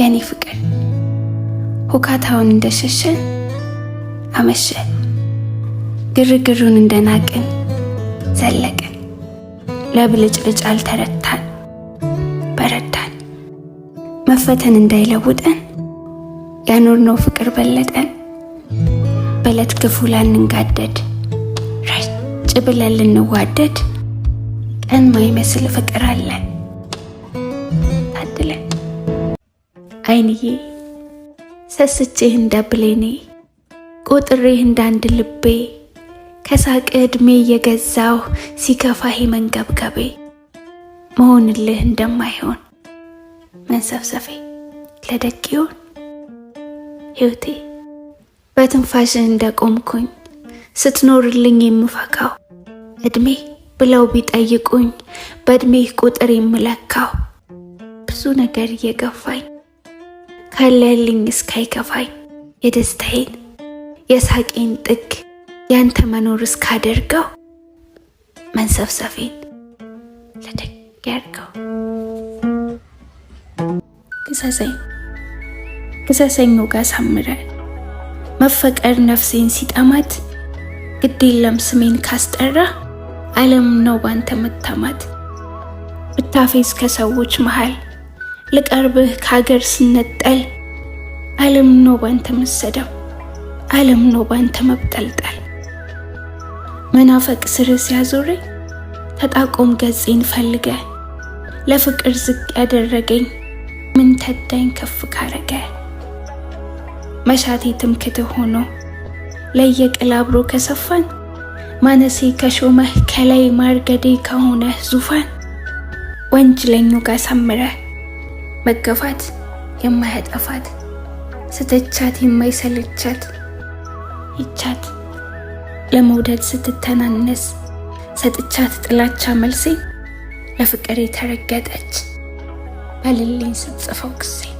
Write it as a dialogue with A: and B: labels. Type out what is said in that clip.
A: የኔ ፍቅር ሁካታውን እንደሸሸን አመሸ ግርግሩን እንደናቅን ዘለቅን፣ ለብልጭልጭ አልተረታን በረዳን፣ መፈተን እንዳይለውጠን ያኖርነው ፍቅር በለጠን፣ በለት ክፉ ላንንጋደድ ረጭ ብለን ልንዋደድ ቀን ማይመስል ፍቅር አለን አድለን አይንዬ ሰስቼህ እንደ ብሌኔ ቆጥሬህ እንዳንድ ልቤ ከሳቅ ዕድሜ እየገዛሁ ሲከፋህ መንገብገቤ መሆንልህ እንደማይሆን መንሰፍሰፌ ለደቅ ይሆን ሕይወቴ በትንፋሽህ እንደቆምኩኝ ስትኖርልኝ የምፈካው እድሜ ብለው ቢጠይቁኝ በዕድሜህ ቁጥር የምለካው ብዙ ነገር እየገፋኝ ከለልኝ እስካይከፋኝ የደስታዬን የሳቄን ጥግ ያንተ መኖር እስካደርገው መንሰፍሰፌን ለደግ ያርገው። ግዛዘኝ ግዛዘኝ ወጋ ሳምረን መፈቀር ነፍሴን ሲጠማት ግድ የለም ስሜን ካስጠራ ዓለም ነው ባንተ መታማት ብታፌዝ ከሰዎች መሃል ልቀርብህ ከሀገር ስነጠል ዓለም ነው ባንተ መሰደብ ዓለም ነው ባንተ መብጠልጠል መናፈቅ ስር ሲያዞረኝ ተጣቆም ገጽን ፈልገ ለፍቅር ዝቅ ያደረገኝ ምን ተዳኝ ከፍ ካረገ መሻቴ ትምክት ሆኖ ለየቅል አብሮ ከሰፋን ማነሴ ከሾመህ ከላይ ማርገዴ ከሆነ ዙፋን ወንጅለኙ ጋር ሳምረህ መገፋት የማያጠፋት ስተቻት የማይሰልቻት ይቻት ለመውደድ ስትተናነስ ሰጥቻት ጥላቻ መልሴ ለፍቅር የተረገጠች በልልኝ ስትጽፈው ጊዜ